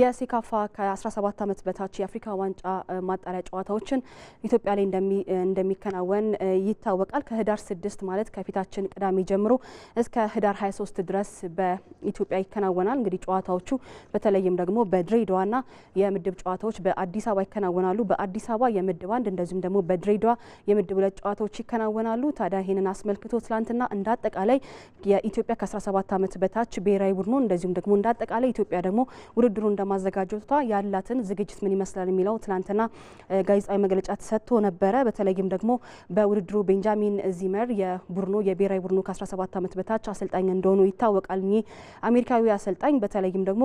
የሴካፋ ከ17 ዓመት በታች የአፍሪካ ዋንጫ ማጣሪያ ጨዋታዎችን ኢትዮጵያ ላይ እንደሚከናወን ይታወቃል። ከህዳር 6 ማለት ከፊታችን ቅዳሜ ጀምሮ እስከ ህዳር 23 ድረስ በኢትዮጵያ ይከናወናል። እንግዲህ ጨዋታዎቹ በተለይም ደግሞ በድሬዳዋና የምድብ ጨዋታዎች በአዲስ አበባ ይከናወናሉ። በአዲስ አበባ የምድብ አንድ እንደዚሁም ደግሞ በድሬዳዋ የምድብ ሁለት ጨዋታዎች ይከናወናሉ። ታዲያ ይህንን አስመልክቶ ትላንትና እንዳጠቃላይ የኢትዮጵያ ከ17 ዓመት በታች ብሔራዊ ቡድኑ እንደዚሁም ደግሞ እንዳጠቃላይ ኢትዮጵያ ደግሞ ውድድሩ ለማዘጋጀቷ ያላትን ዝግጅት ምን ይመስላል የሚለው ትናንትና ጋዜጣዊ መግለጫ ተሰጥቶ ነበረ። በተለይም ደግሞ በውድድሩ ቤንጃሚን ዚመር የቡድኑ የብሔራዊ ቡድኑ ከ17 ዓመት በታች አሰልጣኝ እንደሆኑ ይታወቃል። እኚህ አሜሪካዊ አሰልጣኝ በተለይም ደግሞ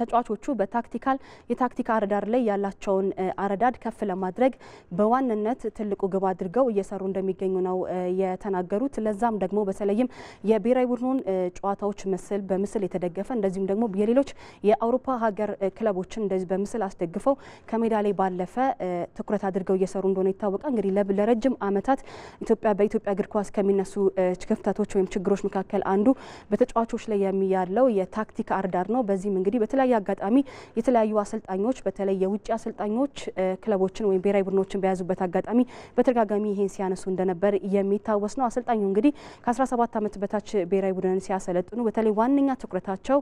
ተጫዋቾቹ በታክቲካል የታክቲክ አረዳድ ላይ ያላቸውን አረዳድ ከፍ ለማድረግ በዋንነት ትልቁ ግብ አድርገው እየሰሩ እንደሚገኙ ነው የተናገሩት። ለዛም ደግሞ በተለይም የብሔራዊ ቡድኑን ጨዋታዎች ምስል በምስል የተደገፈ እንደዚሁም ደግሞ የሌሎች የአውሮፓ ሀገር ክለቦችን እንደዚህ በምስል አስደግፈው ከሜዳ ላይ ባለፈ ትኩረት አድርገው እየሰሩ እንደሆነ ይታወቃል። እንግዲህ ለረጅም ዓመታት ኢትዮጵያ በኢትዮጵያ እግር ኳስ ከሚነሱ ክፍተቶች ወይም ችግሮች መካከል አንዱ በተጫዋቾች ላይ የሚያለው የታክቲክ አርዳር ነው። በዚህም እንግዲህ በተለያየ አጋጣሚ የተለያዩ አሰልጣኞች በተለይ የውጭ አሰልጣኞች ክለቦችን ወይም ብሔራዊ ቡድኖችን በያዙበት አጋጣሚ በተደጋጋሚ ይህን ሲያነሱ እንደነበር የሚታወስ ነው። አሰልጣኙ እንግዲህ ከ17 ዓመት በታች ብሔራዊ ቡድንን ሲያሰለጥኑ በተለይ ዋነኛ ትኩረታቸው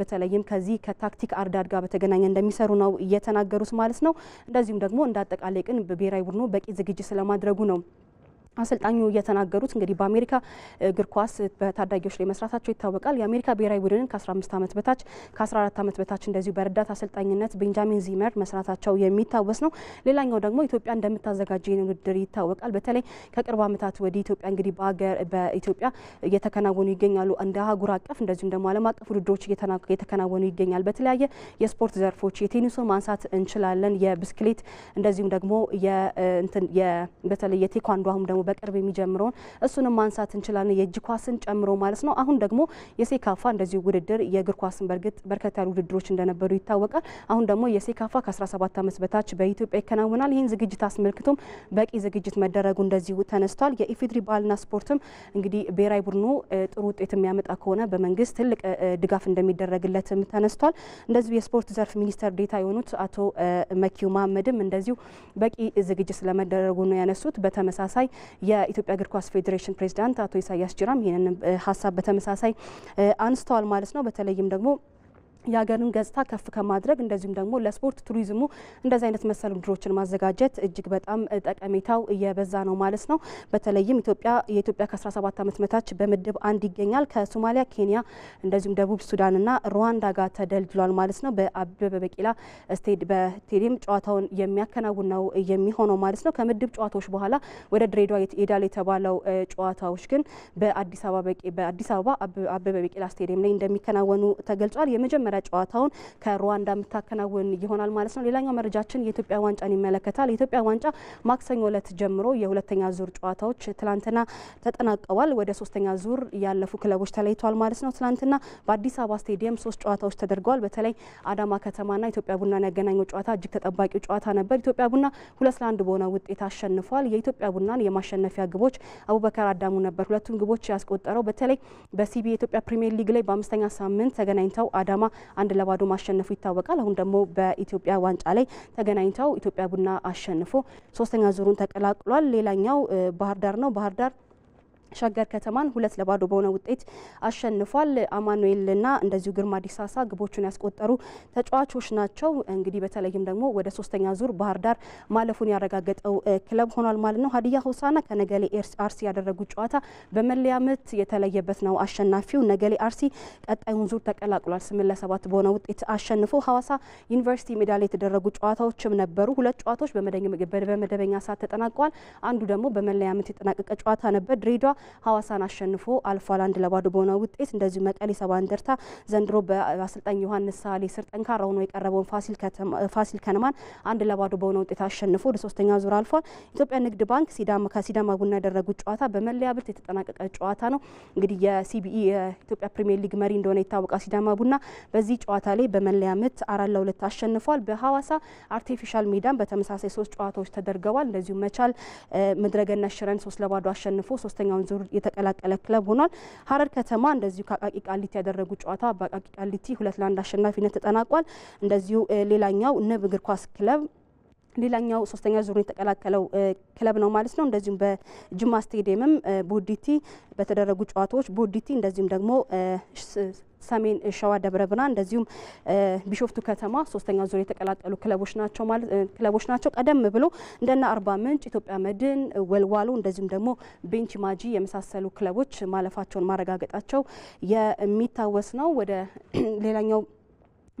በተለይም ከዚህ ከታክቲክ አርዳድ ጋር በተገናኘ እንደሚሰሩ ነው እየተናገሩት ማለት ነው። እንደዚሁም ደግሞ እንዳጠቃላይ ግን ብሔራዊ ቡድኑ በቂ ዝግጅት ስለማድረጉ ነው አሰልጣኙ እየተናገሩት እንግዲህ በአሜሪካ እግር ኳስ በታዳጊዎች ላይ መስራታቸው ይታወቃል። የአሜሪካ ብሔራዊ ቡድንን ከ15 ዓመት በታች ከ14 ዓመት በታች እንደዚሁ በረዳት አሰልጣኝነት ቤንጃሚን ዚመር መስራታቸው የሚታወስ ነው። ሌላኛው ደግሞ ኢትዮጵያ እንደምታዘጋጀ ውድድር ይታወቃል። በተለይ ከቅርብ ዓመታት ወዲህ ኢትዮጵያ እንግዲህ በኢትዮጵያ እየተከናወኑ ይገኛሉ። እንደ አህጉር አቀፍ እንደዚሁም ደግሞ ዓለም አቀፍ ውድድሮች እየተከናወኑ ይገኛል። በተለያየ የስፖርት ዘርፎች የቴኒሱን ማንሳት እንችላለን፣ የብስክሌት እንደዚሁም ደግሞ በተለይ የቴኳንዶ አሁን ደግሞ በቅርብ የሚጀምረውን እሱንም ማንሳት እንችላለን፣ የእጅ ኳስን ጨምሮ ማለት ነው። አሁን ደግሞ የሴካፋ እንደዚሁ ውድድር የእግር ኳስን በእርግጥ በርከት ያሉ ውድድሮች እንደነበሩ ይታወቃል። አሁን ደግሞ የሴካፋ ከ17 ዓመት በታች በኢትዮጵያ ይከናወናል። ይህን ዝግጅት አስመልክቶም በቂ ዝግጅት መደረጉ እንደዚሁ ተነስቷል። የኢፌድሪ ባህልና ስፖርትም እንግዲህ ብሔራዊ ቡድኑ ጥሩ ውጤት የሚያመጣ ከሆነ በመንግስት ትልቅ ድጋፍ እንደሚደረግለትም ተነስቷል። እንደዚሁ የስፖርት ዘርፍ ሚኒስተር ዴታ የሆኑት አቶ መኪው መሀመድም እንደዚሁ በቂ ዝግጅት ስለመደረጉ ነው ያነሱት። በተመሳሳይ የኢትዮጵያ እግር ኳስ ፌዴሬሽን ፕሬዚዳንት አቶ ኢሳያስ ጅራም ይህንን ሀሳብ በተመሳሳይ አንስተዋል ማለት ነው። በተለይም ደግሞ የሀገርን ገጽታ ከፍ ከማድረግ እንደዚሁም ደግሞ ለስፖርት ቱሪዝሙ እንደዚህ አይነት መሰል ውድድሮችን ማዘጋጀት እጅግ በጣም ጠቀሜታው እየበዛ ነው ማለት ነው። በተለይም ኢትዮጵያ የኢትዮጵያ ከ17 ዓመት በታች በምድብ አንድ ይገኛል። ከሶማሊያ፣ ኬንያ እንደዚሁም ደቡብ ሱዳንና ሩዋንዳ ጋር ተደልድሏል ማለት ነው። በአበበ ቢቂላ ስቴዲየም ጨዋታውን የሚያከናውን ነው የሚሆነው ማለት ነው። ከምድብ ጨዋታዎች በኋላ ወደ ድሬዳዋ ይሄዳል የተባለው ጨዋታዎች ግን በአዲስ አበባ አበበ ቢቂላ ስቴዲየም ላይ እንደሚከናወኑ ተገልጿል። የመጀመሪያ የመጀመሪያ ጨዋታውን ከሩዋንዳ የምታከናውን ይሆናል ማለት ነው። ሌላኛው መረጃችን የኢትዮጵያ ዋንጫን ይመለከታል። የኢትዮጵያ ዋንጫ ማክሰኞ ዕለት ጀምሮ የሁለተኛ ዙር ጨዋታዎች ትላንትና ተጠናቀዋል። ወደ ሶስተኛ ዙር ያለፉ ክለቦች ተለይተዋል ማለት ነው። ትላንትና በአዲስ አበባ ስቴዲየም ሶስት ጨዋታዎች ተደርገዋል። በተለይ አዳማ ከተማና ኢትዮጵያ ቡናን ያገናኘው ጨዋታ እጅግ ተጠባቂው ጨዋታ ነበር። ኢትዮጵያ ቡና ሁለት ለአንድ በሆነ ውጤት አሸንፏል። የኢትዮጵያ ቡናን የማሸነፊያ ግቦች አቡበከር አዳሙ ነበር ሁለቱም ግቦች ያስቆጠረው። በተለይ በሲቢ የኢትዮጵያ ፕሪሚየር ሊግ ላይ በአምስተኛ ሳምንት ተገናኝተው አዳማ አንድ ለባዶ ማሸነፉ ይታወቃል። አሁን ደግሞ በኢትዮጵያ ዋንጫ ላይ ተገናኝተው ኢትዮጵያ ቡና አሸንፎ ሶስተኛ ዙሩን ተቀላቅሏል። ሌላኛው ባህር ዳር ነው። ባህር ዳር ሸገር ከተማን ሁለት ለባዶ በሆነ ውጤት አሸንፏል። አማኑኤልና እንደዚሁ ግርማ ዲሳሳ ግቦቹን ያስቆጠሩ ተጫዋቾች ናቸው። እንግዲህ በተለይም ደግሞ ወደ ሶስተኛ ዙር ባህር ዳር ማለፉን ያረጋገጠው ክለብ ሆኗል ማለት ነው። ሀዲያ ሆሳና ከነገሌ አርሲ ያደረጉት ጨዋታ በመለያ ምት የተለየበት ነው አሸናፊው። ነገሌ አርሲ ቀጣዩን ዙር ተቀላቅሏል። ስምንት ለሰባት በሆነ ውጤት አሸንፎ ሀዋሳ ዩኒቨርሲቲ ሜዳ ላይ የተደረጉ ጨዋታዎችም ነበሩ። ሁለት ጨዋታዎች በመደበኛ ሰዓት ተጠናቀዋል። አንዱ ደግሞ በመለያ ምት የተጠናቀቀ ጨዋታ ነበር። ድሬዳዋ ሀዋሳን አሸንፎ አልፏል አንድ ለባዶ በሆነ ውጤት። እንደዚሁ መቀሌ ሰባ እንደርታ ዘንድሮ በአሰልጣኝ ዮሐንስ ሳሌ ስር ጠንካራ ሆኖ የቀረበውን ፋሲል ከነማን አንድ ለባዶ በሆነ ውጤት አሸንፎ ወደ ሶስተኛ ዙር አልፏል። ኢትዮጵያ ንግድ ባንክ ከሲዳማ ቡና ያደረጉት ጨዋታ በመለያ ብልት የተጠናቀቀ ጨዋታ ነው። እንግዲህ የሲቢኢ የኢትዮጵያ ፕሪሚየር ሊግ መሪ እንደሆነ ይታወቃል። ሲዳማ ቡና በዚህ ጨዋታ ላይ በመለያ ምት አራት ለሁለት አሸንፏል። በሐዋሳ አርቲፊሻል ሜዳን በተመሳሳይ ሶስት ጨዋታዎች ተደርገዋል። እንደዚሁ መቻል ምድረገነት ሽረን ሶስት ለባዶ አሸንፎ ሶስተኛውን ዙር የተቀላቀለ ክለብ ሆኗል። ሀረር ከተማ እንደዚሁ ከአቃቂ ቃሊቲ ያደረጉ ጨዋታ በአቃቂ ቃሊቲ ሁለት ለአንድ አሸናፊነት ተጠናቋል። እንደዚሁ ሌላኛው ንብ እግር ኳስ ክለብ ሌላኛው ሶስተኛ ዙርን የተቀላቀለው ክለብ ነው ማለት ነው። እንደዚሁም በጅማ ስቴዲየምም ቦዲቲ በተደረጉ ጨዋታዎች ቦዲቲ እንደዚሁም ደግሞ ሰሜን ሸዋ ደብረ ብርሃን እንደዚሁም ቢሾፍቱ ከተማ ሶስተኛ ዙር የተቀላቀሉ ክለቦች ናቸው ማለት ክለቦች ናቸው። ቀደም ብሎ እንደና አርባ ምንጭ፣ ኢትዮጵያ መድን፣ ወልዋሎ እንደዚሁም ደግሞ ቤንች ማጂ የመሳሰሉ ክለቦች ማለፋቸውን ማረጋገጣቸው የሚታወስ ነው። ወደ ሌላኛው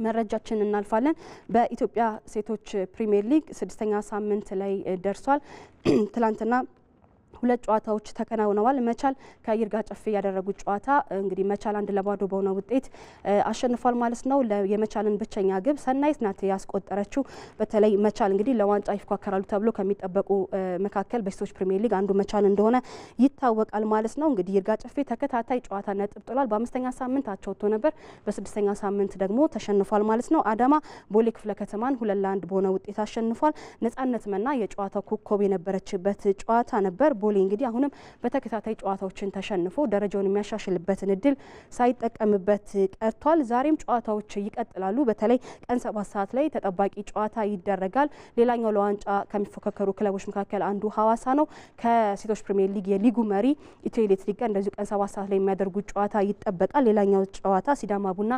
መረጃችን እናልፋለን። በኢትዮጵያ ሴቶች ፕሪሚየር ሊግ ስድስተኛ ሳምንት ላይ ደርሷል። ትላንትና ሁለት ጨዋታዎች ተከናውነዋል። መቻል ከአየር ጋር ጨፌ ያደረጉት ጨዋታ እንግዲህ መቻል አንድ ለባዶ በሆነ ውጤት አሸንፏል ማለት ነው። የመቻልን ብቸኛ ግብ ሰናይት ናት ያስቆጠረችው። በተለይ መቻል እንግዲህ ለዋንጫ ይፎካከራሉ ተብሎ ከሚጠበቁ መካከል በሴቶች ፕሪሚየር ሊግ አንዱ መቻል እንደሆነ ይታወቃል ማለት ነው። እንግዲህ ይርጋ ጨፌ ተከታታይ ጨዋታ ነጥብ ጥሏል። በአምስተኛ ሳምንት አቻ ወጥቶ ነበር። በስድስተኛ ሳምንት ደግሞ ተሸንፏል ማለት ነው። አዳማ ቦሌ ክፍለ ከተማን ሁለት ለአንድ በሆነ ውጤት አሸንፏል። ነጻነት መና የጨዋታው ኮከብ የነበረችበት ጨዋታ ነበር። ቦሌ እንግዲህ አሁንም በተከታታይ ጨዋታዎችን ተሸንፎ ደረጃውን የሚያሻሽልበትን እድል ሳይጠቀምበት ቀርቷል። ዛሬም ጨዋታዎች ይቀጥላሉ። በተለይ ቀን ሰባት ሰዓት ላይ ተጠባቂ ጨዋታ ይደረጋል። ሌላኛው ለዋንጫ ከሚፎካከሩ ክለቦች መካከል አንዱ ሀዋሳ ነው። ከሴቶች ፕሪሚየር ሊግ የሊጉ መሪ ኢትዮ ኤሌክትሪክ ጋር እንደዚሁ ቀን ሰባት ሰዓት ላይ የሚያደርጉት ጨዋታ ይጠበቃል። ሌላኛው ጨዋታ ሲዳማ ቡና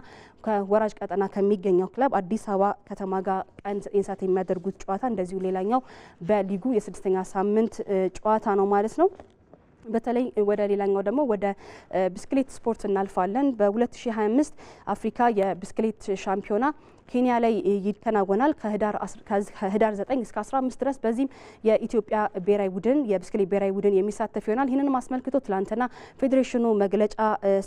ከወራጅ ቀጠና ከሚገኘው ክለብ አዲስ አበባ ከተማ ጋር ቀን ዘጠኝ ሰዓት የሚያደርጉት ጨዋታ እንደዚሁ ሌላኛው በሊጉ የስድስተኛ ሳምንት ጨዋታ ነው። ማለት ነው። በተለይ ወደ ሌላኛው ደግሞ ወደ ብስክሌት ስፖርት እናልፋለን። በ2025 አፍሪካ የብስክሌት ሻምፒዮና ኬንያ ላይ ይከናወናል ከህዳር 9 እስከ 15 ድረስ። በዚህም የኢትዮጵያ ብሔራዊ ቡድን የብስክሌት ብሔራዊ ቡድን የሚሳተፍ ይሆናል። ይህንን አስመልክቶ ትላንትና ፌዴሬሽኑ መግለጫ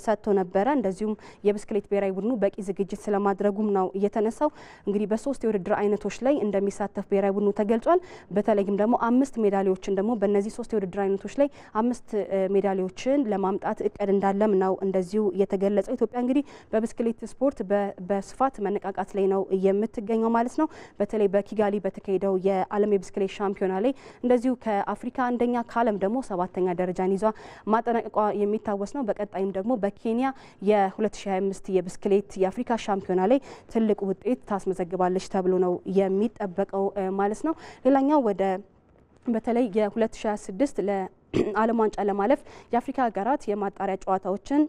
ሰጥቶ ነበረ። እንደዚሁም የብስክሌት ብሔራዊ ቡድኑ በቂ ዝግጅት ስለማድረጉም ነው እየተነሳው እንግዲህ በሶስት የውድድር አይነቶች ላይ እንደሚሳተፍ ብሔራዊ ቡድኑ ተገልጿል። በተለይም ደግሞ አምስት ሜዳሊያዎችን ደግሞ በእነዚህ ሶስት የውድድር አይነቶች ላይ አምስት ሜዳሊያዎችን ለማምጣት እቅድ እንዳለም ነው እንደዚሁ የተገለጸው። ኢትዮጵያ እንግዲህ በብስክሌት ስፖርት በስፋት መነቃቃት ላይ ነው የምትገኘው ማለት ነው። በተለይ በኪጋሊ በተካሄደው የዓለም የብስክሌት ሻምፒዮና ላይ እንደዚሁ ከአፍሪካ አንደኛ ከዓለም ደግሞ ሰባተኛ ደረጃን ይዟ ማጠናቀቋ የሚታወስ ነው። በቀጣይም ደግሞ በኬንያ የ2025 የብስክሌት የአፍሪካ ሻምፒዮና ላይ ትልቅ ውጤት ታስመዘግባለች ተብሎ ነው የሚጠበቀው ማለት ነው። ሌላኛው ወደ በተለይ የ2026 ለዓለም ዋንጫ ለማለፍ የአፍሪካ ሀገራት የማጣሪያ ጨዋታዎችን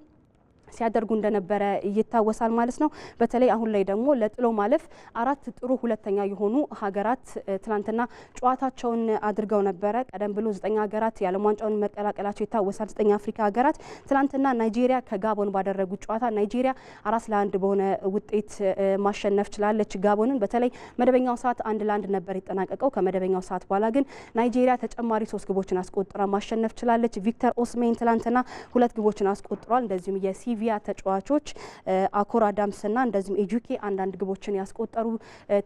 ሲያደርጉ እንደነበረ ይታወሳል ማለት ነው። በተለይ አሁን ላይ ደግሞ ለጥሎ ማለፍ አራት ጥሩ ሁለተኛ የሆኑ ሀገራት ትናንትና ጨዋታቸውን አድርገው ነበረ። ቀደም ብሎ ዘጠኝ ሀገራት የዓለም ዋንጫውን መቀላቀላቸው ይታወሳል። ዘጠኝ አፍሪካ ሀገራት ትላንትና ናይጄሪያ ከጋቦን ባደረጉት ጨዋታ ናይጄሪያ አራት ለአንድ በሆነ ውጤት ማሸነፍ ችላለች ጋቦንን። በተለይ መደበኛው ሰዓት አንድ ለአንድ ነበር ይጠናቀቀው ከመደበኛው ሰዓት በኋላ ግን ናይጄሪያ ተጨማሪ ሶስት ግቦችን አስቆጥራ ማሸነፍ ችላለች። ቪክተር ኦስሜን ትላንትና ሁለት ግቦችን አስቆጥሯል። እንደዚሁም የሲቪ የቪያ ተጫዋቾች አኮር አዳምስና እንደዚሁም ኤጁኬ አንዳንድ ግቦችን ያስቆጠሩ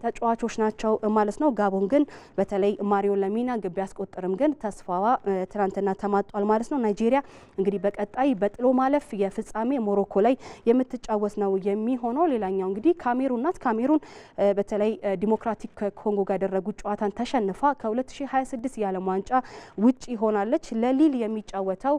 ተጫዋቾች ናቸው ማለት ነው። ጋቦን ግን በተለይ ማሪዮ ለሚና ግብ ያስቆጠርም ግን ተስፋዋ ትናንትና ተማጧል ማለት ነው። ናይጄሪያ እንግዲህ በቀጣይ በጥሎ ማለፍ የፍጻሜ ሞሮኮ ላይ የምትጫወት ነው የሚሆነው። ሌላኛው እንግዲህ ካሜሩን ናት። ካሜሩን በተለይ ዲሞክራቲክ ኮንጎ ጋር ያደረጉት ጨዋታን ተሸንፋ ከ2026 የዓለም ዋንጫ ውጭ ይሆናለች። ለሊል የሚጫወተው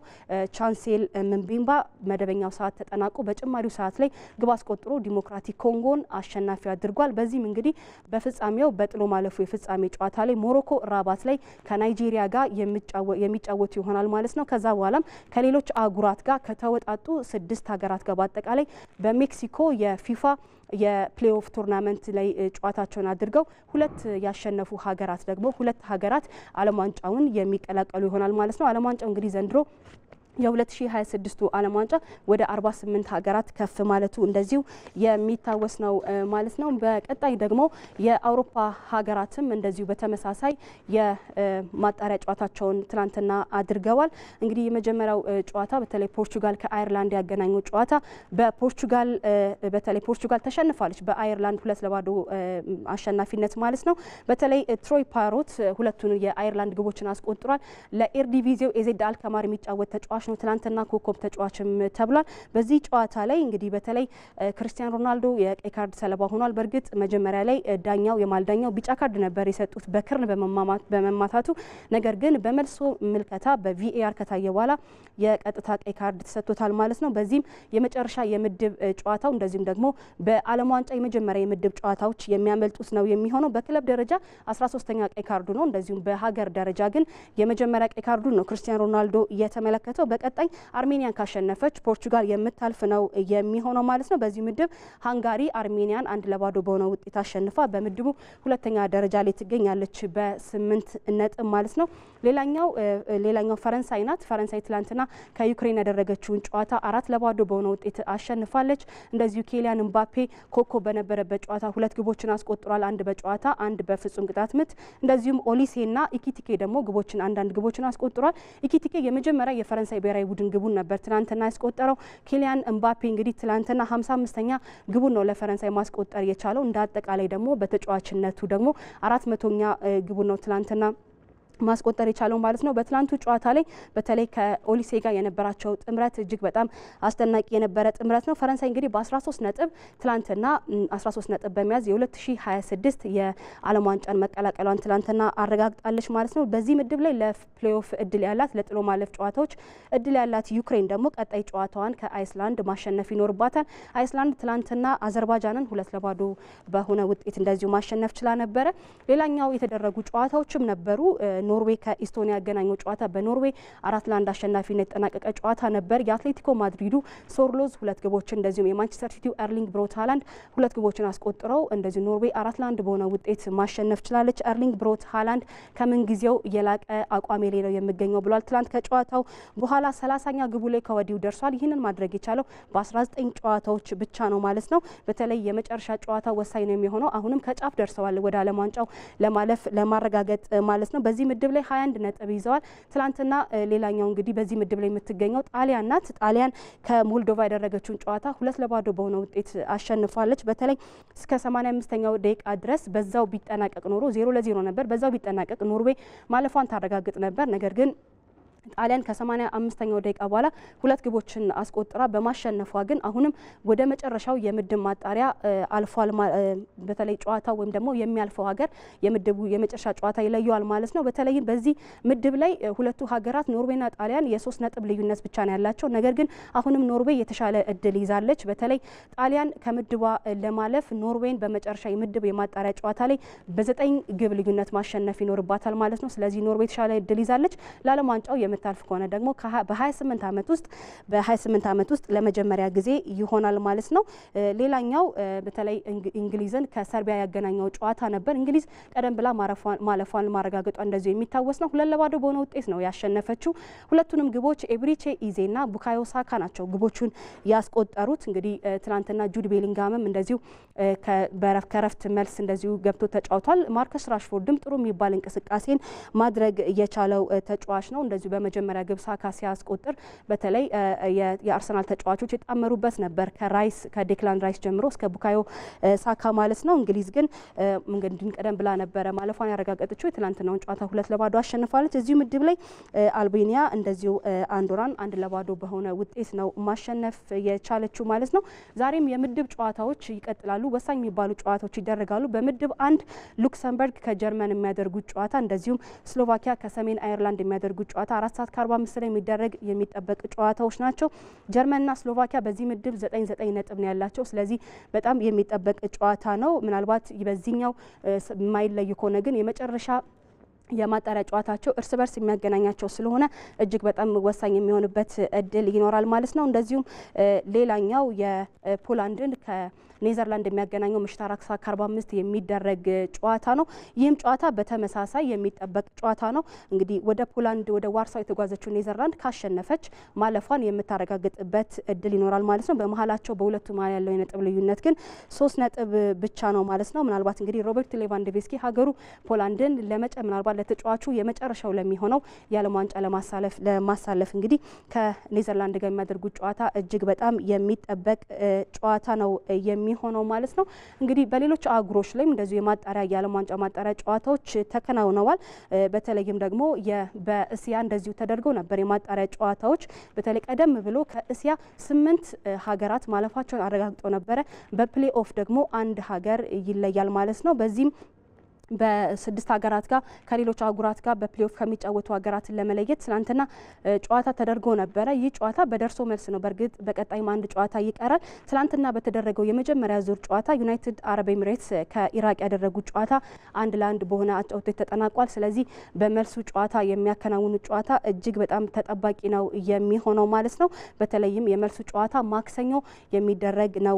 ቻንሴል ምንቢምባ መደበኛው ሰዓት ተጠናቆ በጭማሪው ሰዓት ላይ ግብ አስቆጥሮ ዲሞክራቲክ ኮንጎን አሸናፊ አድርጓል። በዚህም እንግዲህ በፍጻሜው በጥሎ ማለፉ የፍጻሜ ጨዋታ ላይ ሞሮኮ ራባት ላይ ከናይጄሪያ ጋር የሚጫወቱ ይሆናል ማለት ነው። ከዛ በኋላም ከሌሎች አህጉራት ጋር ከተወጣጡ ስድስት ሀገራት ጋር በአጠቃላይ በሜክሲኮ የፊፋ የፕሌኦፍ ቱርናመንት ላይ ጨዋታቸውን አድርገው ሁለት ያሸነፉ ሀገራት ደግሞ ሁለት ሀገራት ዓለም ዋንጫውን የሚቀላቀሉ ይሆናል ማለት ነው። ዓለም ዋንጫው እንግዲህ ዘንድሮ የ2026ቱ ዓለም ዋንጫ ወደ 48 ሀገራት ከፍ ማለቱ እንደዚሁ የሚታወስ ነው ማለት ነው። በቀጣይ ደግሞ የአውሮፓ ሀገራትም እንደዚሁ በተመሳሳይ የማጣሪያ ጨዋታቸውን ትናንትና አድርገዋል። እንግዲህ የመጀመሪያው ጨዋታ በተለይ ፖርቹጋል ከአይርላንድ ያገናኙ ጨዋታ በፖርቹጋል በተለይ ፖርቹጋል ተሸንፋለች በአይርላንድ ሁለት ለባዶ አሸናፊነት ማለት ነው። በተለይ ትሮይ ፓሮት ሁለቱን የአይርላንድ ግቦችን አስቆጥሯል። ለኤርዲቪዚዮ ኤዜድ አልከማር የሚጫወት ተጫዋች ተጫዋች ነው። ትናንትና ኮከብ ተጫዋችም ተብሏል። በዚህ ጨዋታ ላይ እንግዲህ በተለይ ክርስቲያን ሮናልዶ የቀይ ካርድ ሰለባ ሆኗል። በእርግጥ መጀመሪያ ላይ ዳኛው የማልዳኛው ቢጫ ካርድ ነበር የሰጡት በክርን በመማታቱ ነገር ግን በመልሶ ምልከታ በቪኤአር ከታየ በኋላ የቀጥታ ቀይ ካርድ ተሰጥቶታል ማለት ነው። በዚህም የመጨረሻ የምድብ ጨዋታው እንደዚሁም ደግሞ በዓለም ዋንጫ የመጀመሪያ የምድብ ጨዋታዎች የሚያመልጡት ነው የሚሆነው። በክለብ ደረጃ 13 ቀይ ካርዱ ነው። እንደዚሁም በሀገር ደረጃ ግን የመጀመሪያ ቀይ ካርዱ ነው ክርስቲያን ሮናልዶ እየተመለከተው። በቀጣይ አርሜኒያን ካሸነፈች ፖርቹጋል የምታልፍ ነው የሚሆነው ማለት ነው። በዚህ ምድብ ሃንጋሪ አርሜኒያን አንድ ለባዶ በሆነ ውጤት አሸንፋ በምድቡ ሁለተኛ ደረጃ ላይ ትገኛለች በስምንት ነጥብ ማለት ነው። ሌላኛው ሌላኛው ፈረንሳይ ናት። ፈረንሳይ ትላንትና ከዩክሬን ያደረገችውን ጨዋታ አራት ለባዶ በሆነ ውጤት አሸንፋለች። እንደዚሁ ኬሊያን እምባፔ ኮኮ በነበረበት ጨዋታ ሁለት ግቦችን አስቆጥሯል። አንድ በጨዋታ አንድ በፍጹም ቅጣት ምት። እንደዚሁም ኦሊሴና ኢኪቲኬ ደግሞ ግቦችን አንዳንድ ግቦችን አስቆጥሯል። ኢኪቲኬ የመጀመሪያ የፈረንሳይ የፈረንሳይ ብሔራዊ ቡድን ግቡን ነበር ትናንትና ያስቆጠረው። ኪሊያን እምባፔ እንግዲህ ትናንትና 55ኛ ግቡን ነው ለፈረንሳይ ማስቆጠር የቻለው። እንደ አጠቃላይ ደግሞ በተጫዋችነቱ ደግሞ አራት መቶኛ ግቡን ነው ትናንትና ማስቆጠር የቻለው ማለት ነው። በትላንቱ ጨዋታ ላይ በተለይ ከኦሊሴ ጋር የነበራቸው ጥምረት እጅግ በጣም አስደናቂ የነበረ ጥምረት ነው። ፈረንሳይ እንግዲህ በ13 ነጥብ ትላንትና 13 ነጥብ በመያዝ የ2026 የዓለም ዋንጫን መቀላቀሏን ትላንትና አረጋግጣለች ማለት ነው። በዚህ ምድብ ላይ ለፕሌኦፍ እድል ያላት ለጥሎ ማለፍ ጨዋታዎች እድል ያላት ዩክሬን ደግሞ ቀጣይ ጨዋታዋን ከአይስላንድ ማሸነፍ ይኖርባታል። አይስላንድ ትላንትና አዘርባጃንን ሁለት ለባዶ በሆነ ውጤት እንደዚሁ ማሸነፍ ችላ ነበረ። ሌላኛው የተደረጉ ጨዋታዎችም ነበሩ። ኖርዌይ ከኢስቶኒያ ያገናኘው ጨዋታ በኖርዌይ አራት ለአንድ አሸናፊነት የተጠናቀቀ ጨዋታ ነበር። የአትሌቲኮ ማድሪዱ ሶርሎዝ ሁለት ግቦችን እንደዚሁም የማንቸስተር ሲቲው ኤርሊንግ ብሮትሃላንድ ሁለት ግቦችን አስቆጥረው እንደዚሁ ኖርዌይ አራት ለአንድ በሆነ ውጤት ማሸነፍ ችላለች። ኤርሊንግ ብሮትሃላንድ ከምን ጊዜው የላቀ አቋም የሌለው የሚገኘው ብሏል። ትላንት ከጨዋታው በኋላ ሰላሳኛ ግቡ ላይ ከወዲሁ ደርሷል። ይህንን ማድረግ የቻለው በ19 ጨዋታዎች ብቻ ነው ማለት ነው። በተለይ የመጨረሻ ጨዋታ ወሳኝ ነው የሚሆነው። አሁንም ከጫፍ ደርሰዋል ወደ ዓለም ዋንጫው ለማለፍ ለማረጋገጥ ማለት ነው በዚህ ምድብ ላይ 21 ነጥብ ይዘዋል። ትላንትና ሌላኛው እንግዲህ በዚህ ምድብ ላይ የምትገኘው ጣሊያን ናት። ጣሊያን ከሞልዶቫ ያደረገችውን ጨዋታ ሁለት ለባዶ በሆነ ውጤት አሸንፋለች። በተለይ እስከ 85ኛው ደቂቃ ድረስ በዛው ቢጠናቀቅ ኖሮ ዜሮ ለዜሮ ነበር። በዛው ቢጠናቀቅ ኖርዌይ ማለፏን ታረጋግጥ ነበር ነገር ግን ጣሊያን ከሰማኒያ አምስተኛው ደቂቃ በኋላ ሁለት ግቦችን አስቆጥራ በማሸነፏ ግን አሁንም ወደ መጨረሻው የምድብ ማጣሪያ አልፏል። በተለይ ጨዋታ ወይም ደግሞ የሚያልፈው ሀገር የምድቡ የመጨረሻ ጨዋታ ይለየዋል ማለት ነው። በተለይም በዚህ ምድብ ላይ ሁለቱ ሀገራት ኖርዌይና ጣሊያን የሶስት ነጥብ ልዩነት ብቻ ነው ያላቸው። ነገር ግን አሁንም ኖርዌይ የተሻለ እድል ይዛለች። በተለይ ጣሊያን ከምድቧ ለማለፍ ኖርዌይን በመጨረሻ የምድብ የማጣሪያ ጨዋታ ላይ በዘጠኝ ግብ ልዩነት ማሸነፍ ይኖርባታል ማለት ነው። ስለዚህ ኖርዌይ የተሻለ እድል ይዛለች ለዓለም ዋንጫው የምታልፍ ከሆነ ደግሞ በ28 ዓመት ውስጥ በ28 ዓመት ውስጥ ለመጀመሪያ ጊዜ ይሆናል ማለት ነው። ሌላኛው በተለይ እንግሊዝን ከሰርቢያ ያገናኘው ጨዋታ ነበር። እንግሊዝ ቀደም ብላ ማለፏን ማረጋገጧ እንደዚሁ የሚታወስ ነው። ሁለት ለባዶ በሆነ ውጤት ነው ያሸነፈችው። ሁለቱንም ግቦች ኤብሪቼ ኢዜና ቡካዮ ሳካ ናቸው ግቦቹን ያስቆጠሩት። እንግዲህ ትናንትና ጁድ ቤሊንጋምም እንደዚሁ ከረፍት መልስ እንደዚሁ ገብቶ ተጫውቷል። ማርከስ ራሽፎርድም ጥሩ የሚባል እንቅስቃሴን ማድረግ የቻለው ተጫዋች ነው እንደዚሁ የመጀመሪያ ግብ ሳካ ሲያስቆጥር በተለይ የአርሰናል ተጫዋቾች የጣመሩበት ነበር ከራይስ ከዴክላን ራይስ ጀምሮ እስከ ቡካዮ ሳካ ማለት ነው። እንግሊዝ ግን እንግዲህ ቀደም ብላ ነበረ ማለፏን ያረጋገጠችው የትላንትናውን ጨዋታ ሁለት ለባዶ አሸንፋለች። እዚሁ ምድብ ላይ አልቤኒያ እንደዚሁ አንዶራን አንድ ለባዶ በሆነ ውጤት ነው ማሸነፍ የቻለችው ማለት ነው። ዛሬም የምድብ ጨዋታዎች ይቀጥላሉ። ወሳኝ የሚባሉ ጨዋታዎች ይደረጋሉ። በምድብ አንድ ሉክሰምበርግ ከጀርመን የሚያደርጉት ጨዋታ እንደዚሁም ስሎቫኪያ ከሰሜን አይርላንድ የሚያደርጉት ጨዋታ አራት ሰዓት ከ45 ላይ የሚደረግ የሚጠበቅ ጨዋታዎች ናቸው። ጀርመንና ስሎቫኪያ በዚህ ምድብ 99 ነጥብ ነው ያላቸው። ስለዚህ በጣም የሚጠበቅ ጨዋታ ነው። ምናልባት በዚህኛው የማይለይ ከሆነ ግን የመጨረሻ የማጣሪያ ጨዋታቸው እርስ በርስ የሚያገናኛቸው ስለሆነ እጅግ በጣም ወሳኝ የሚሆንበት እድል ይኖራል ማለት ነው። እንደዚሁም ሌላኛው የፖላንድን ከ ኔዘርላንድ የሚያገናኘው ምሽታራክ ከአርባ አምስት የሚደረግ ጨዋታ ነው። ይህም ጨዋታ በተመሳሳይ የሚጠበቅ ጨዋታ ነው። እንግዲህ ወደ ፖላንድ ወደ ዋርሳው የተጓዘችው ኔዘርላንድ ካሸነፈች ማለፏን የምታረጋግጥበት እድል ይኖራል ማለት ነው። በመሀላቸው በሁለቱ መሀል ያለው የነጥብ ልዩነት ግን ሶስት ነጥብ ብቻ ነው ማለት ነው። ምናልባት እንግዲህ ሮበርት ሌቫንዶቭስኪ ሀገሩ ፖላንድን ለመጨ ምናልባት ለተጫዋቹ የመጨረሻው ለሚሆነው የዓለም ዋንጫ ለማሳለፍ ለማሳለፍ እንግዲህ ከኔዘርላንድ ጋር የሚያደርጉት ጨዋታ እጅግ በጣም የሚጠበቅ ጨዋታ ነው የሚ የሚሆነው ማለት ነው። እንግዲህ በሌሎች አህጉሮች ላይም እንደዚሁ የማጣሪያ የዓለም ዋንጫ ማጣሪያ ጨዋታዎች ተከናውነዋል። በተለይም ደግሞ በእስያ እንደዚሁ ተደርገው ነበር የማጣሪያ ጨዋታዎች። በተለይ ቀደም ብሎ ከእስያ ስምንት ሀገራት ማለፋቸውን አረጋግጠው ነበረ። በፕሌይ ኦፍ ደግሞ አንድ ሀገር ይለያል ማለት ነው። በዚህም በስድስት ሀገራት ጋር ከሌሎች አህጉራት ጋር በፕሌኦፍ ከሚጫወቱ ሀገራትን ለመለየት ትናንትና ጨዋታ ተደርጎ ነበረ። ይህ ጨዋታ በደርሶ መልስ ነው። በእርግጥ በቀጣይም አንድ ጨዋታ ይቀራል። ትናንትና በተደረገው የመጀመሪያ ዙር ጨዋታ ዩናይትድ አረብ ኤሚሬትስ ከኢራቅ ያደረጉት ጨዋታ አንድ ለአንድ በሆነ አቻ ውጤት ተጠናቋል። ስለዚህ በመልሱ ጨዋታ የሚያከናውኑት ጨዋታ እጅግ በጣም ተጠባቂ ነው የሚሆነው ማለት ነው። በተለይም የመልሱ ጨዋታ ማክሰኞ የሚደረግ ነው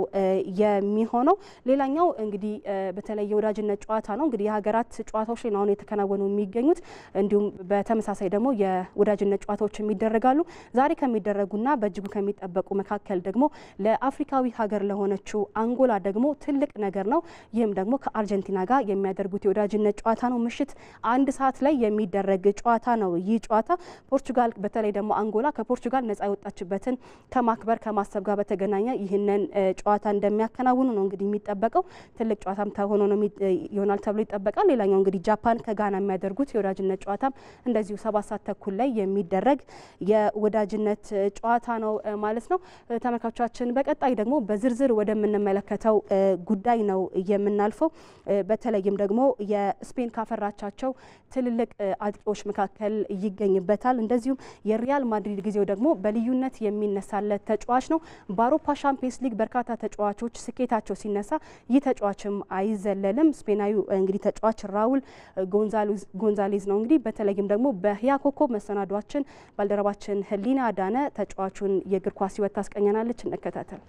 የሚሆነው። ሌላኛው እንግዲህ በተለይ የወዳጅነት ጨዋታ ነው እንግዲህ ሀገራት ጨዋታዎች ላይ አሁን የተከናወኑ የሚገኙት እንዲሁም በተመሳሳይ ደግሞ የወዳጅነት ጨዋታዎች ይደረጋሉ። ዛሬ ከሚደረጉና በእጅጉ ከሚጠበቁ መካከል ደግሞ ለአፍሪካዊ ሀገር ለሆነችው አንጎላ ደግሞ ትልቅ ነገር ነው። ይህም ደግሞ ከአርጀንቲና ጋር የሚያደርጉት የወዳጅነት ጨዋታ ነው። ምሽት አንድ ሰዓት ላይ የሚደረግ ጨዋታ ነው። ይህ ጨዋታ ፖርቹጋል በተለይ ደግሞ አንጎላ ከፖርቹጋል ነጻ የወጣችበትን ከማክበር ከማሰብ ጋር በተገናኘ ይህንን ጨዋታ እንደሚያከናውኑ ነው እንግዲህ የሚጠበቀው። ትልቅ ጨዋታም ሆኖ ነው ይሆናል ተብሎ ይጠበቃል። ይጠበቃል። ሌላኛው እንግዲህ ጃፓን ከጋና የሚያደርጉት የወዳጅነት ጨዋታም እንደዚሁ ሰባት ሰዓት ተኩል ላይ የሚደረግ የወዳጅነት ጨዋታ ነው ማለት ነው። ተመልካቾቻችን በቀጣይ ደግሞ በዝርዝር ወደምንመለከተው ጉዳይ ነው የምናልፈው። በተለይም ደግሞ የስፔን ካፈራቻቸው ትልልቅ አጥቂዎች መካከል ይገኝበታል። እንደዚሁም የሪያል ማድሪድ ጊዜው ደግሞ በልዩነት የሚነሳለት ተጫዋች ነው። በአውሮፓ ሻምፒየንስ ሊግ በርካታ ተጫዋቾች ስኬታቸው ሲነሳ ይህ ተጫዋችም አይዘለልም። ስፔናዊ እንግዲህ ተጫዋች ራውል ጎንዛሌዝ ነው። እንግዲህ በተለይም ደግሞ በህያ ኮከብ መሰናዷችን ባልደረባችን ህሊና አዳነ ተጫዋቹን የእግር ኳስ ህይወት ታስቀኘናለች። እንከታተል።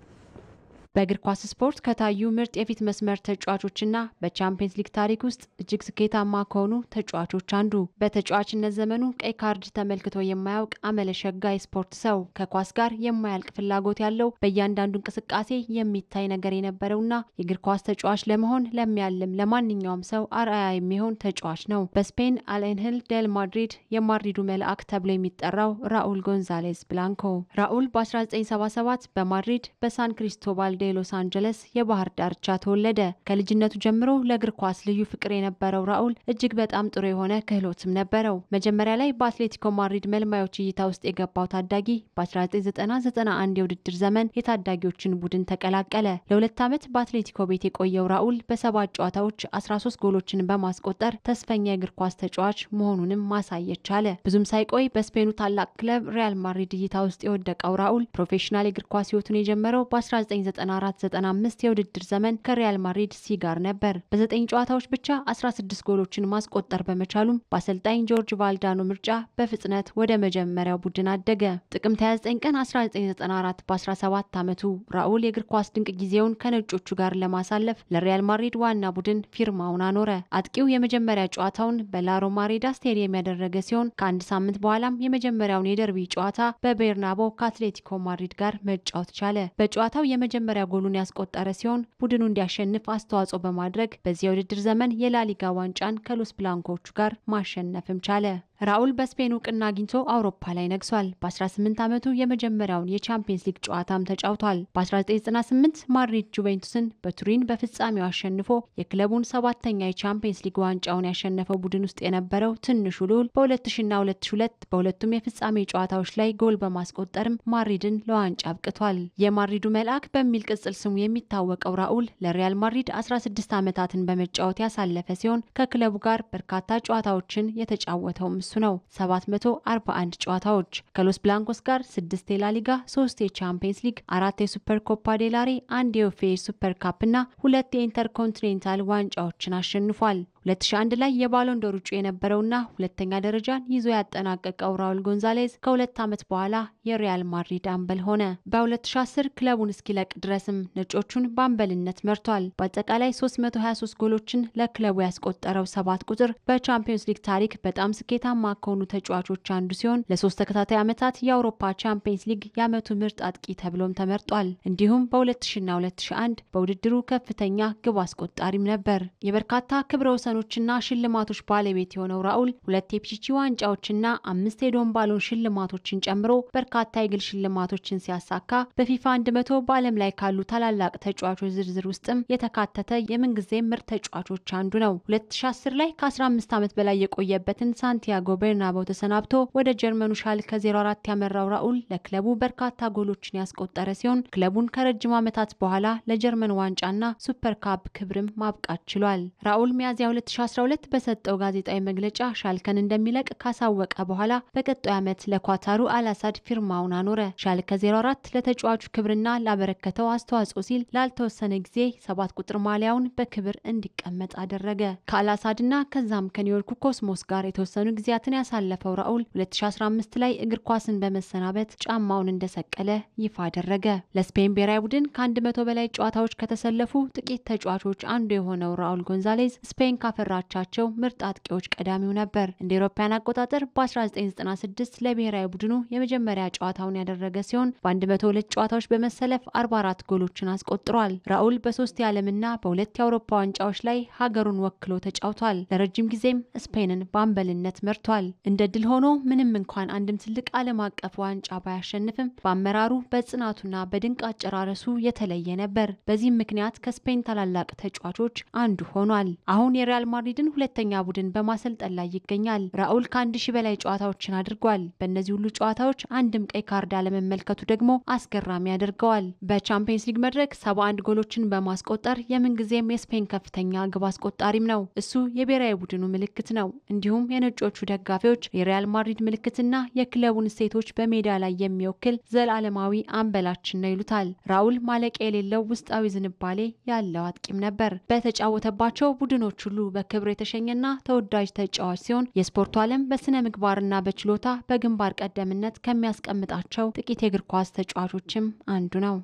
በእግር ኳስ ስፖርት ከታዩ ምርጥ የፊት መስመር ተጫዋቾችና በቻምፒየንስ ሊግ ታሪክ ውስጥ እጅግ ስኬታማ ከሆኑ ተጫዋቾች አንዱ በተጫዋችነት ዘመኑ ቀይ ካርድ ተመልክቶ የማያውቅ አመለሸጋ የስፖርት ሰው ከኳስ ጋር የማያልቅ ፍላጎት ያለው በእያንዳንዱ እንቅስቃሴ የሚታይ ነገር የነበረውና የእግር ኳስ ተጫዋች ለመሆን ለሚያልም ለማንኛውም ሰው አርአያ የሚሆን ተጫዋች ነው። በስፔን አልኤንህል ደል ማድሪድ የማድሪዱ መልአክ ተብሎ የሚጠራው ራኡል ጎንዛሌዝ ብላንኮ። ራኡል በ1977 በማድሪድ በሳን ክሪስቶባል በፍሎሪዳ ሎስ አንጀለስ የባህር ዳርቻ ተወለደ። ከልጅነቱ ጀምሮ ለእግር ኳስ ልዩ ፍቅር የነበረው ራኡል እጅግ በጣም ጥሩ የሆነ ክህሎትም ነበረው። መጀመሪያ ላይ በአትሌቲኮ ማድሪድ መልማዮች እይታ ውስጥ የገባው ታዳጊ በ1990/91 የውድድር ዘመን የታዳጊዎችን ቡድን ተቀላቀለ። ለሁለት ዓመት በአትሌቲኮ ቤት የቆየው ራኡል በሰባት ጨዋታዎች 13 ጎሎችን በማስቆጠር ተስፈኛ የእግር ኳስ ተጫዋች መሆኑንም ማሳየት ቻለ። ብዙም ሳይቆይ በስፔኑ ታላቅ ክለብ ሪያል ማድሪድ እይታ ውስጥ የወደቀው ራኡል ፕሮፌሽናል የእግር ኳስ ህይወቱን የጀመረው በ1990 94-95 የውድድር ዘመን ከሪያል ማድሪድ ሲጋር ነበር። በ9 ጨዋታዎች ብቻ 16 ጎሎችን ማስቆጠር በመቻሉም በአሰልጣኝ ጆርጅ ቫልዳኖ ምርጫ በፍጥነት ወደ መጀመሪያው ቡድን አደገ። ጥቅምት 29 ቀን 1994 በ17 ዓመቱ ራኡል የእግር ኳስ ድንቅ ጊዜውን ከነጮቹ ጋር ለማሳለፍ ለሪያል ማድሪድ ዋና ቡድን ፊርማውን አኖረ። አጥቂው የመጀመሪያ ጨዋታውን በላሮ ማሬዳ ስቴዲየም ያደረገ ሲሆን ከአንድ ሳምንት በኋላም የመጀመሪያውን የደርቢ ጨዋታ በቤርናቦ ከአትሌቲኮ ማድሪድ ጋር መጫወት ቻለ። በጨዋታው የመጀመሪያ የመጀመሪያ ጎሉን ያስቆጠረ ሲሆን ቡድኑ እንዲያሸንፍ አስተዋጽኦ በማድረግ በዚህ የውድድር ዘመን የላሊጋ ዋንጫን ከሎስ ብላንኮቹ ጋር ማሸነፍም ቻለ። ራኡል በስፔን እውቅና አግኝቶ አውሮፓ ላይ ነግሷል። በ18 ዓመቱ የመጀመሪያውን የቻምፒየንስ ሊግ ጨዋታም ተጫውቷል። በ1998 ማድሪድ ጁቬንቱስን በቱሪን በፍጻሜው አሸንፎ የክለቡን ሰባተኛ የቻምፒየንስ ሊግ ዋንጫውን ያሸነፈው ቡድን ውስጥ የነበረው ትንሹ ልዑል በ2000ና 2002 በሁለቱም የፍጻሜ ጨዋታዎች ላይ ጎል በማስቆጠርም ማድሪድን ለዋንጫ አብቅቷል። የማድሪዱ መልአክ በሚል ቅጽል ስሙ የሚታወቀው ራኡል ለሪያል ማድሪድ 16 ዓመታትን በመጫወት ያሳለፈ ሲሆን ከክለቡ ጋር በርካታ ጨዋታዎችን የተጫወተውም እሱ ነው። 741 ጨዋታዎች ከሎስ ብላንኮስ ጋር 6 የላሊጋ፣ 3 የቻምፒየንስ ሊግ፣ 4 የሱፐር ኮፓ ዴላሬ፣ 1 የኦፌ ሱፐር ካፕ እና 2 የኢንተርኮንቲኔንታል ዋንጫዎችን አሸንፏል። 2001 ላይ የባሎን ዶር ውጪ የነበረውና ሁለተኛ ደረጃን ይዞ ያጠናቀቀው ራውል ጎንዛሌዝ ከሁለት ዓመት በኋላ የሪያል ማድሪድ አምበል ሆነ። በ2010 ክለቡን እስኪለቅ ድረስም ነጮቹን በአምበልነት መርቷል። በአጠቃላይ 323 ጎሎችን ለክለቡ ያስቆጠረው ሰባት ቁጥር በቻምፒዮንስ ሊግ ታሪክ በጣም ስኬታማ ከሆኑ ተጫዋቾች አንዱ ሲሆን ለሶስት ተከታታይ ዓመታት የአውሮፓ ቻምፒየንስ ሊግ የዓመቱ ምርጥ አጥቂ ተብሎም ተመርጧል። እንዲሁም በ2000ና 2001 በውድድሩ ከፍተኛ ግብ አስቆጣሪም ነበር። የበርካታ ክብረ ወሰን ወሰኖችና ሽልማቶች ባለቤት የሆነው ራኡል ሁለት የፒቺቺ ዋንጫዎችና አምስት የዶንባሎን ሽልማቶችን ጨምሮ በርካታ የግል ሽልማቶችን ሲያሳካ በፊፋ መቶ በዓለም ላይ ካሉ ታላላቅ ተጫዋቾች ዝርዝር ውስጥም የተካተተ የምንጊዜ ምርጥ ተጫዋቾች አንዱ ነው። 2010 ላይ ከ15 ዓመት በላይ የቆየበትን ሳንቲያጎ ቤርናባው ተሰናብቶ ወደ ጀርመኑ ሻልከ 04 ያመራው ራኡል ለክለቡ በርካታ ጎሎችን ያስቆጠረ ሲሆን ክለቡን ከረጅም ዓመታት በኋላ ለጀርመን ዋንጫና ሱፐር ካፕ ክብርም ማብቃት ችሏል። ራኡል ሚያዝያ 2012 በሰጠው ጋዜጣዊ መግለጫ ሻልከን እንደሚለቅ ካሳወቀ በኋላ በቀጣዩ ዓመት ለኳታሩ አላሳድ ፊርማውን አኖረ። ሻልከ 04 ለተጫዋቹ ክብርና ላበረከተው አስተዋጽኦ ሲል ላልተወሰነ ጊዜ ሰባት ቁጥር ማሊያውን በክብር እንዲቀመጥ አደረገ። ከአልአሳድና ከዛም ከኒውዮርኩ ኮስሞስ ጋር የተወሰኑ ጊዜያትን ያሳለፈው ራኡል 2015 ላይ እግር ኳስን በመሰናበት ጫማውን እንደሰቀለ ይፋ አደረገ። ለስፔን ብሔራዊ ቡድን ከ100 በላይ ጨዋታዎች ከተሰለፉ ጥቂት ተጫዋቾች አንዱ የሆነው ራኡል ጎንዛሌዝ ስፔን ካፈራቻቸው ምርጥ አጥቂዎች ቀዳሚው ነበር። እንደ ኤሮፓያን አቆጣጠር በ1996 ለብሔራዊ ቡድኑ የመጀመሪያ ጨዋታውን ያደረገ ሲሆን በ102 ጨዋታዎች በመሰለፍ 44 ጎሎችን አስቆጥሯል። ራኡል በሶስት የዓለምና በሁለት የአውሮፓ ዋንጫዎች ላይ ሀገሩን ወክሎ ተጫውቷል። ለረጅም ጊዜም ስፔንን በአምበልነት መርቷል። እንደ ድል ሆኖ ምንም እንኳን አንድም ትልቅ ዓለም አቀፍ ዋንጫ ባያሸንፍም በአመራሩ በጽናቱና በድንቅ አጨራረሱ የተለየ ነበር። በዚህም ምክንያት ከስፔን ታላላቅ ተጫዋቾች አንዱ ሆኗል። አሁን የሪያል የሪያል ማድሪድን ሁለተኛ ቡድን በማሰልጠን ላይ ይገኛል። ራኡል ከአንድ ሺህ በላይ ጨዋታዎችን አድርጓል። በእነዚህ ሁሉ ጨዋታዎች አንድም ቀይ ካርድ አለመመልከቱ ደግሞ አስገራሚ ያደርገዋል። በቻምፒየንስ ሊግ መድረክ 71 ጎሎችን በማስቆጠር የምንጊዜም የስፔን ከፍተኛ ግብ አስቆጣሪም ነው። እሱ የብሔራዊ ቡድኑ ምልክት ነው። እንዲሁም የነጮቹ ደጋፊዎች የሪያል ማድሪድ ምልክትና የክለቡን እሴቶች በሜዳ ላይ የሚወክል ዘላለማዊ አንበላችን ነው ይሉታል። ራኡል ማለቂያ የሌለው ውስጣዊ ዝንባሌ ያለው አጥቂም ነበር። በተጫወተባቸው ቡድኖች ሁሉ በክብር የተሸኘና ተወዳጅ ተጫዋች ሲሆን የስፖርቱ ዓለም በስነ ምግባርና በችሎታ በግንባር ቀደምነት ከሚያስቀምጣቸው ጥቂት የእግር ኳስ ተጫዋቾችም አንዱ ነው።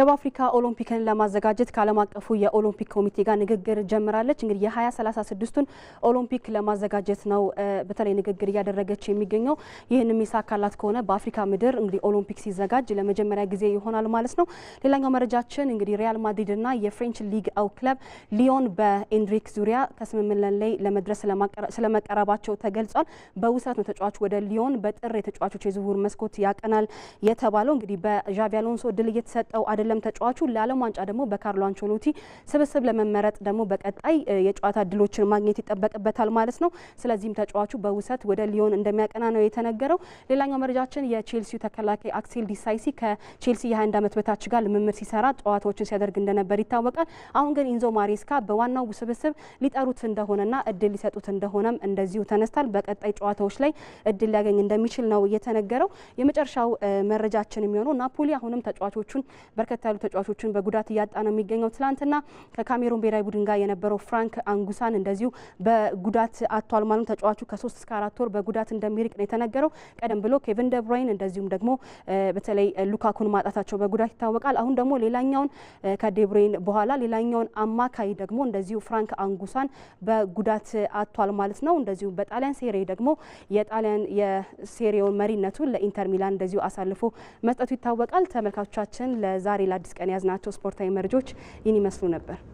ደቡብ አፍሪካ ኦሎምፒክን ለማዘጋጀት ከዓለም አቀፉ የኦሎምፒክ ኮሚቴ ጋር ንግግር ጀምራለች። እንግዲህ የሀያ ሰላሳ ስድስቱን ኦሎምፒክ ለማዘጋጀት ነው በተለይ ንግግር እያደረገች የሚገኘው። ይህንም ይሳካላት ከሆነ በአፍሪካ ምድር እንግዲህ ኦሎምፒክ ሲዘጋጅ ለመጀመሪያ ጊዜ ይሆናል ማለት ነው። ሌላኛው መረጃችን እንግዲህ ሪያል ማድሪድና የፍሬንች ሊግ አው ክለብ ሊዮን በኤንድሪክ ዙሪያ ከስምምነት ላይ ለመድረስ ስለመቀረባቸው ተገልጿል። በውሰት ነው ተጫዋች ወደ ሊዮን በጥር የተጫዋቾች የዝውውር መስኮት ያቀናል የተባለው እንግዲህ በዣቪ አሎንሶ ድል እየተሰጠው አይደለም አይደለም ተጫዋቹ ለዓለም ዋንጫ ደግሞ በካርሎ አንቸሎቲ ስብስብ ለመመረጥ ደግሞ በቀጣይ የጨዋታ እድሎችን ማግኘት ይጠበቅበታል ማለት ነው። ስለዚህም ተጫዋቹ በውሰት ወደ ሊዮን እንደሚያቀና ነው የተነገረው። ሌላኛው መረጃችን የቼልሲው ተከላካይ አክሴል ዲሳይሲ ከቼልሲ የ21 ዓመት በታች ጋር ልምምድ ሲሰራ ጨዋታዎችን ሲያደርግ እንደነበር ይታወቃል። አሁን ግን ኢንዞ ማሬስካ በዋናው ስብስብ ሊጠሩት እንደሆነና እድል ሊሰጡት እንደሆነም እንደዚሁ ተነስቷል። በቀጣይ ጨዋታዎች ላይ እድል ሊያገኝ እንደሚችል ነው የተነገረው። የመጨረሻው መረጃችን የሚሆነው ናፖሊ አሁንም ተጫዋቾቹን በርከት ያሉ ተጫዋቾችን በጉዳት እያጣ ነው የሚገኘው። ትላንትና ከካሜሩን ብሔራዊ ቡድን ጋር የነበረው ፍራንክ አንጉሳን እንደዚሁ በጉዳት አጥቷል ማለት ተጫዋቹ ከሶስት እስከ አራት ወር በጉዳት እንደሚርቅ ነው የተነገረው። ቀደም ብሎ ኬቪን ደብሮይን እንደዚሁም ደግሞ በተለይ ሉካኩን ማጣታቸው በጉዳት ይታወቃል። አሁን ደግሞ ሌላኛውን ከዴብሮይን በኋላ ሌላኛውን አማካይ ደግሞ እንደዚሁ ፍራንክ አንጉሳን በጉዳት አጥቷል ማለት ነው። እንደዚሁ በጣሊያን ሴሬ ደግሞ የጣሊያን የሴሬውን መሪነቱን ለኢንተር ሚላን እንደዚሁ አሳልፎ መስጠቱ ይታወቃል። ተመልካቾቻችን ለዛሬ ለዛሬ ለአዲስ ቀን ያዝናቸው ስፖርታዊ መረጃዎች ይህን ይመስሉ ነበር።